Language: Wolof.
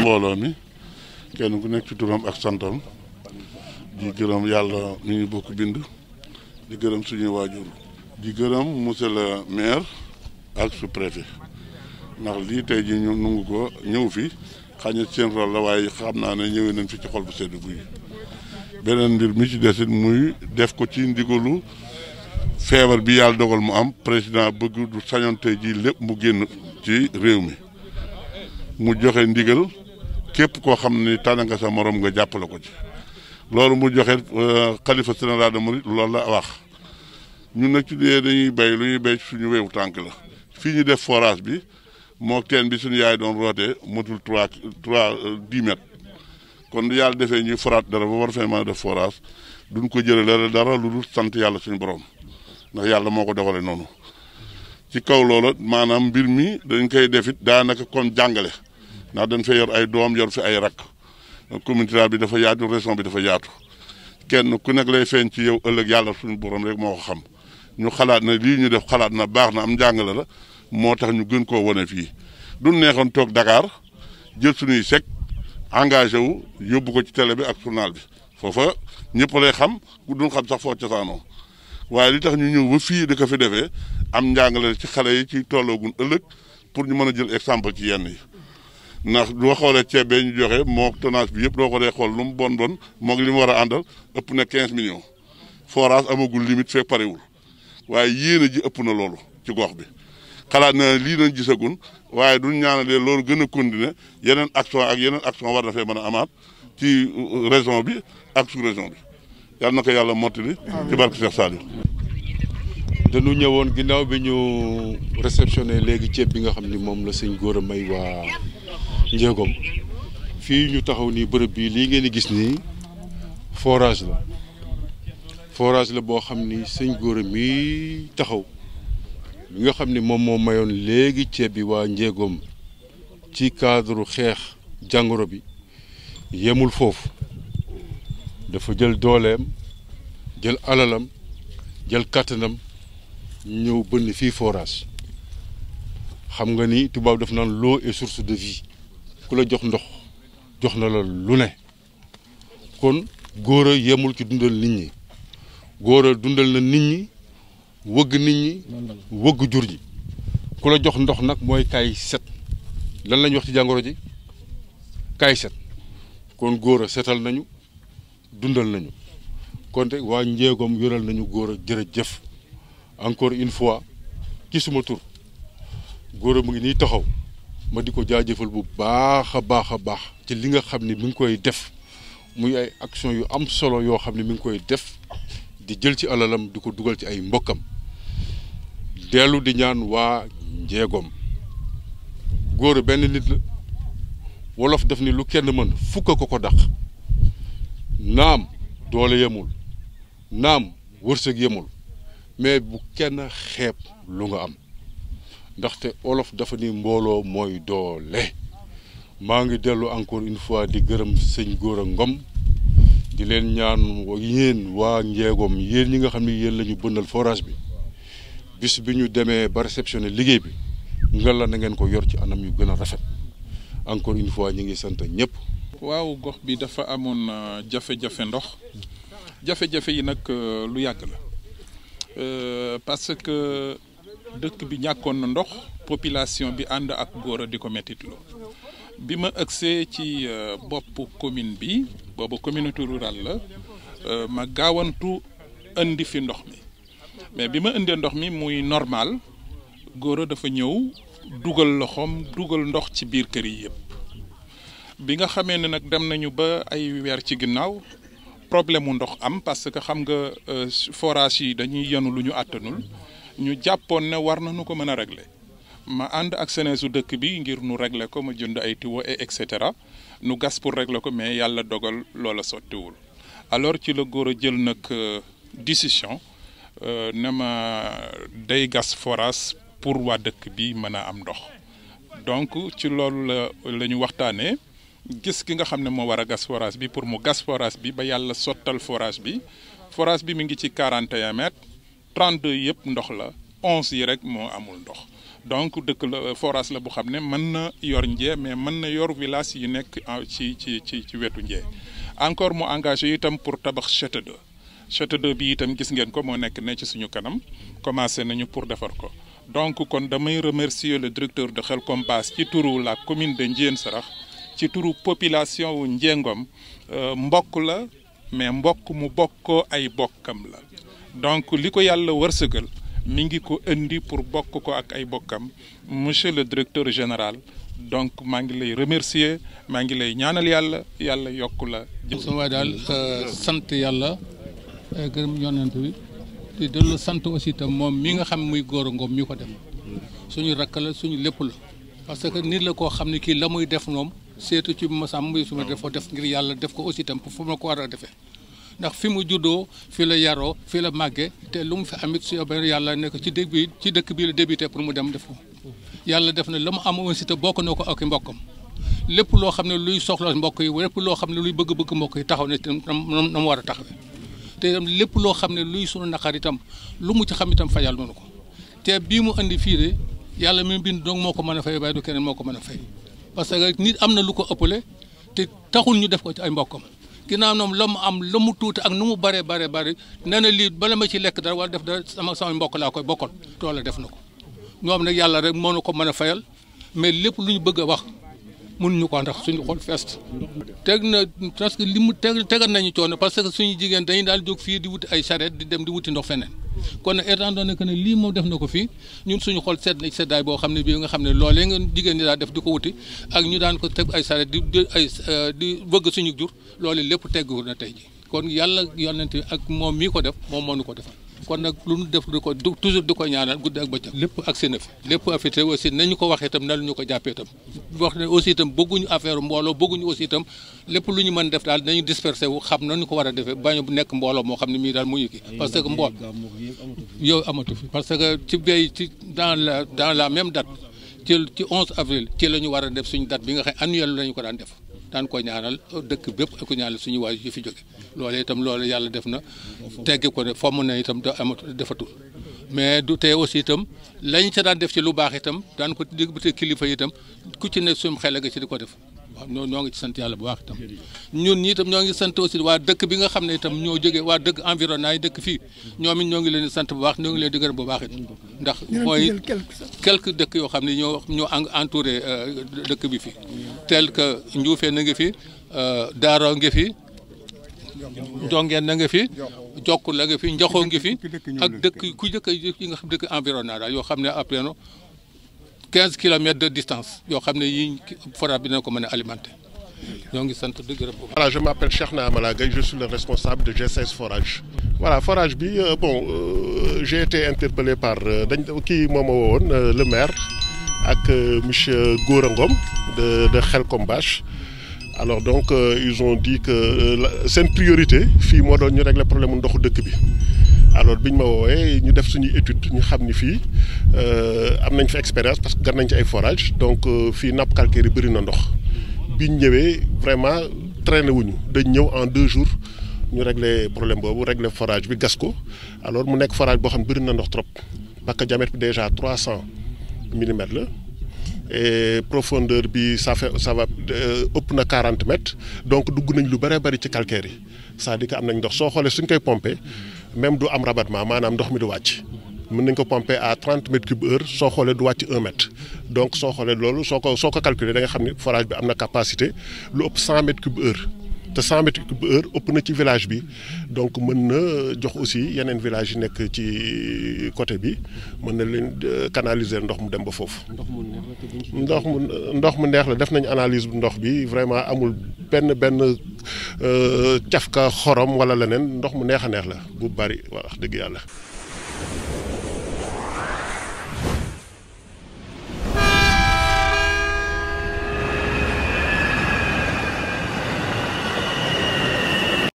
mbooloo mi kenn ku nekk ci turam ak santom di gërëm yàlla ñu ñu bokk bind di gërëm suñuy waajur ji gërëm monsieur le ak su préfet ndax lii tey ji ñu nungu ko ñëw fi xañ na la waaye xam naa ne ñëwee nañ fi ci xol bu sedd guy beneen mbir mi ci desit muy def ko ci ndigalu feebar bi yàlla dogal mu am président bëgg du sañoon tey jii lépp mu génn ci réew mi mu joxe ndigal képp koo xam ne tànn nga sa morom nga jàppale ko ci loolu mu joxe euh, xalifa général mu Mouride loolu la wax ñun nag ci dee dañuy béy lu ñuy béy suñu wéewu tànk la fii ñu def forage bi moo teen bi suñu yaay doon rootee motul trois trois euh, dix mètres kon yàlla defee ñuy foraat dara ba war fee mën a def forage duñ ko jëlee dara dara lu dul sant yàlla suñu borom ndax yàlla moo ko doxalee noonu ci kaw loola maanaam mbir mii dañ koy defit daanaka kon jàngale ndax dañ fee yor ay doom yor fi ay rakk communauté rurale bi dafa yaatu région bi dafa yaatu kenn ku nekk lay feeñ ci yow ëllëg yàlla suñu borom rek moo ko xam ñu xalaat na lii ñu def xalaat na baax na am njàngale la moo tax ñu gën koo wone fii du neexoon toog dakaar jël suñuy sec engagé wu yóbbu ko ci télé bi ak journal bi foofa ñëpp lay xam ku duñ xam sax foo cosaanoo waaye li tax ñu ñëw ba fii di ko fi defee am njàngale ci xale yi ci tolloogun ëllëg pour ñu mën a jël exemple ci yenn yi ndax boo xoolee ceeb bee ñu joxe moo tonnage bi yëpp doo ko dee xool nu mu bon bon moo li mu war a àndal ëpp na 15 millions forage amagul limite fee parewul waaye yéen a ji ëpp na loolu ci gox bi xalaat na lii nañ gisagun waaye duñ ñaanalee loolu gën a continuer yeneen action ak yeneen action war dafee fee mën a amaat ci euh, raison bi ak sous région bi yàlla na ko yàlla mottali ci barke Cheikh Saliou dañu ñëwoon ginnaaw bi ñu réceptionné léegi ceeb bi nga xam ni moom la sëñ góor a may waa njéegoom fii ñu taxaw nii bërëb bii lii ngeen gis nii forage la forage la boo xam ni sëñ góora mi taxaw li nga xam ni moom moo mayoon léegi ceeb bi waa njéegoom ci cadre xeex jàngoro bi yemul foofu dafa jël dooleem jël alalam jël kàttanam ñëw bënn fii forage xam nga ni tubaab daf naan l'eau est source de vie ku la jox ndox jox na la lu ne kon góor yemul ci dundal nit ñi góor dundal na nit ñi wëgg nit ñi wëgg jur ñi ku la jox ndox nag mooy kaay set lan lañu wax ci jàngoro ji kaay set kon góor a setal nañu dundal nañu konte waa njéegoom yoral nañu góor a jëf encore une fois ci suma tur góor mu ngi nii taxaw ma di ko jaajëfal bu baax a baax a baax ci li nga xam ni mi ngi koy def muy ay action yu am solo yoo xam ne mi ngi koy def di jël ci alalam di ko dugal ci ay mbokkam dellu di ñaan waa njeegoom góor benn nit wolof def ni lu kenn mën fukk ko ko daq naam doole yemul naam wërsëg yemul mais bu kenn xeeb lu nga am ndaxte olof dafa ni mbooloo mooy doole maa ngi dellu encore une fois di gërëm sëñ Gora Ngom di leen ñaan yéen waa Njeegom yéen ñi nga xam ni yéen lañu ñu bënnal forage bi bis bi ñu demee ba réceptionné liggéey bi nga la na ngeen ko yor ci anam yu gën a rafet encore une fois ñi ngi sant ñëpp. waaw gox bi dafa amoon euh, jafe-jafe ndox jafe-jafe yi nag euh, lu yàgg la euh, que. dëkk bi ñàkkoon na ndox population bi ànd ak góor di ko mettitlu bi ma agsee ci euh, bopp commune bi boobu communauté rurale la euh, ma gaawantu indi fi ndox mi mais bi ma indee ndox mi muy normal góor dafa ñëw dugal loxoom dugal ndox ci biir kër yi yëpp bi nga xamee ne nag dem nañu ba ay weer ci ginnaaw problème mu ndox am parce que xam nga euh, forage yi dañuy yenu lu ñu àttanul ñu jàppoon ne war nañu ko mën a régler ma ànd ak seneesu dëkk bi ngir nu régler ko ma jund ay tiwo et et cetera nu gas pour régler ko mais yàlla dogal loola sottiwul alors ci la góor jël nag euh, décision euh, ne ma day gas forage pour waa dëkk bi mën a am ndox donc ci loolu la la ñu waxtaanee gis ki nga xam ne moo war a gas forage bi pour mu gas forage bi ba yàlla sottal forage bi forage bi mu ngi ci 41 mètres. 32 yëpp ndox la 11 yi rek moo amul ndox donc dëkk la euh, forage la bu xam ne mën na yor Ndié mais mën na yor village yi nekk ci ci ci ci wetu Ndié encore mu engagé itam pour tabax château d'eau château bi itam gis ngeen ko moo nekk ne ci suñu kanam commencé nañu pour defar ko donc kon damay remercier le directeur de xel Basse ci turu la commune de Ndiéyène Sirakh ci turu population wu Ndiéngom euh, mbokk la mais mbokk mu bokkoo ay bokkam la donc li ko yàlla wërsëgal mi ngi ko indi pour bokk ko ak ay bokkam monsieur le directeur général donc maa ngi lay remercier maa ngi lay ñaanal yàlla yàlla yokk la. sama waay daal euh, sant yàlla euh, gërëm yonent bi te dellu sant aussi itam moom mi nga xam muy góor a ngoom mi ko def suñu rakk la suñu lépp la parce que nit la koo xam ne kii la muy def moom seetu ci masam muy suma foo def ngir yàlla def ko aussi itam fu ma ko war a defee. ndax fi mu juddoo fi la yaroo fi la màgge te lu mu fi amit su yobee yàlla nekk ci dëkk bi ci dëkk bi la débuté pour mu dem def ko yàlla def na la mu amoon si te bokk noo ko ak mbokkam lépp loo xam ne luy soxla mbokk yi lépp loo xam ne luy bëgg-bëgg mbokk yi taxaw na itam na mu war a taxawee te itam lépp loo xam ne luy sunu naqar itam lu mu ci xam itam fajal noonu ko te bii mu indi fiire yàlla mi bind donc moo ko mën a fay waaye du keneen moo ko mën a fay parce que nit am na lu ko ëppale te taxul ñu def ko ci ay mbokkam ginnaaw moom la mu am la mu tuuti ak nu mu bare bare bare nee na lii bala ma ci lekk dara wala def dara sama sama mbokk laa koy bokkal toola def na ko ñoom nag yàlla rek moo na ko mën a fayal mais lépp lu ñu bëgg a wax mënuñu ko ndax suñu xol fest teg na parce que li mu teg tegal nañu coono parce que suñu jigéen dañu daal jóg fii di wuti ay charrette di dem di wuti ndox feneen kon nag étant donné que ne lii moom def na ko fii ñun suñu xol sedd na seddaay boo xam ne bii nga xam ne loolee nga jigéen ñi daa def di ko wuti ak ñu daan ko teg ay charrette di di ay euh, di bëgg suñu jur loolu lépp teggu na tey kon yàlla yonent ak moom mii ko def moom moo nu ko def kon nag lu ñu def du ko toujours du ko ñaanal guddi ak bëccëg lépp accès na fi lépp affité aussi nañu ko waxee itam na ñu ko jàppee itam wax ne aussi itam bëgguñu affaire mbooloo bëgguñu aussi itam lépp lu ñu mën def daal nañu dispersé wu xam nañu ko war a defee bañu nekk mbooloo moo xam ne mii daal mu ñu ki parce que mbool yow amatu fi parce que ci béy ci dans la dans la même date ci ci 11 avril ci la ñu war a def suñu date bi nga xam annuel lañu ko daan def daan ko ñaanal dëkk bépp ak ko ñaanal suñu waay yu fi jóge loole itam loolu yàlla def na teggi ko ne fomm na itam da amatul defatul mais du tee aussi itam lañ ca daan def ci lu baax itam daan ko dig bu te kilifa itam ku ci ne suñu xel nga ci di ko def waaw ñoo ñoo ngi ci sant yàlla bu baax itam ñun ñi itam ñoo ngi sant aussi waa dëkk bi nga xam ne itam ñoo jógee waa dëkk environnement yi dëkk fii ñoom it ñoo ngi leen di sant bu baax ñoo ngi leen di gërëm bu baax it ndax mooy quelques dëkk yoo xam ne ñoo ñoo entouré euh, dëkk bi fi tel que Njuufeen na ngi fi euh, Daaro ngi fi Ndongeen na nga fi Jokk la nga fi Njaxoo ngi fi ak dëkk ku dëkk yi nga xam dëkk environnement daal yoo xam ne après 15 kilomètres de distance yoo xam ne yii forage bi dina ko mën a alimenter ñoo ngi sant di gërëm. voilà je m'appelle Cheikhna Amala Gaye je suis le de G16 forage. voilà forage bi euh, bon euh, j'ai interpellé par euh, dañ kii moom a woowoon euh, le maire ak euh, monsieur Gora Ngom de de Xelkom alors donc euh, ils ont dit que seen priorité fii moo doon ñu régler problème ndoxu dëkk bi. alors bi ñu ma woowee ñu def suñuy étude ñu xam ni fii euh, am nañ fi expérience parce que gar nañ ci ay forage donc euh, fii nappe calcaire yi bëri na ndox biñ ñëwee vraiment traîné wuñu dañ ñëw en deux jours ñu réglé problème boobu réglé forage bi gas ko alors mu nekk forage boo xam ne bëri na ndox trop parce que diamètre bi déjà trois cent millimètres la et profondeur bi sa fait ça va euh, ëpp na quarante donc dugg nañ lu baree bari ci calcaire yi sa di dire am nañ ndox soo xoolee suñ koy pompé même du am rabattement maanaam ndox mi du wàcc mën nañ ko pomper à trente mètres cube heure soo xoolee du wàcc un mètre donc soo xoolee loolu soo ko soo ko calculer da xam ni forage bi am na capacité lu ëpp cent mètres cube heure te cent mètres cube ëpp na ci village bi donc mën na jox aussi yeneen village yi nekk ci côté bi mën na leen euh, canaliser ndox mu dem ba foofu. ndox mu ndox mu neex la def nañu analyse bu ndox bi vraiment amul benn benn. Euh, cafka xorom wala leneen ndox mu neex a neex la bu bari wax dëgg yàlla.